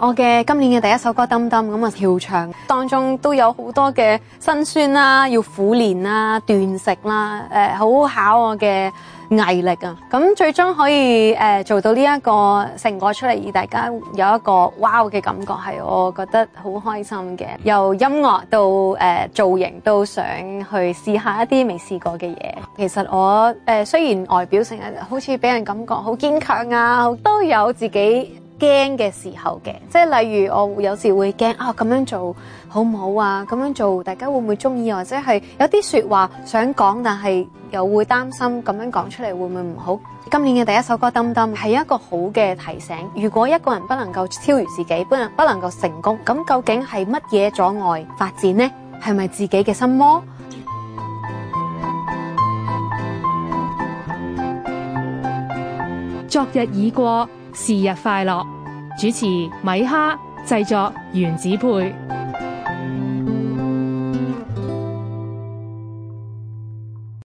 我嘅今年嘅第一首歌《噔噔》咁啊跳唱，當中都有好多嘅辛酸啦，要苦練啦、斷食啦，呃、好考我嘅毅力啊！咁最終可以、呃、做到呢一個成果出嚟，以大家有一個哇、wow、嘅感覺，係我覺得好開心嘅。由音樂到、呃、造型，都想去試下一啲未試過嘅嘢。其實我誒、呃、雖然外表成日好似俾人感覺好堅強啊，都有自己驚嘅時候嘅，即係例如我有時會驚啊，咁樣做好唔好啊？咁樣做大家會唔會中意？或者係有啲說話想講，但係又會擔心咁樣講出嚟會唔會唔好？今年嘅第一首歌《噹噹》係一個好嘅提醒。如果一個人不能夠超越自己，不能、不能夠成功，咁究竟係乜嘢阻礙發展呢？係咪自己嘅心魔？昨日已過。是日快樂，主持米哈，製作原子配。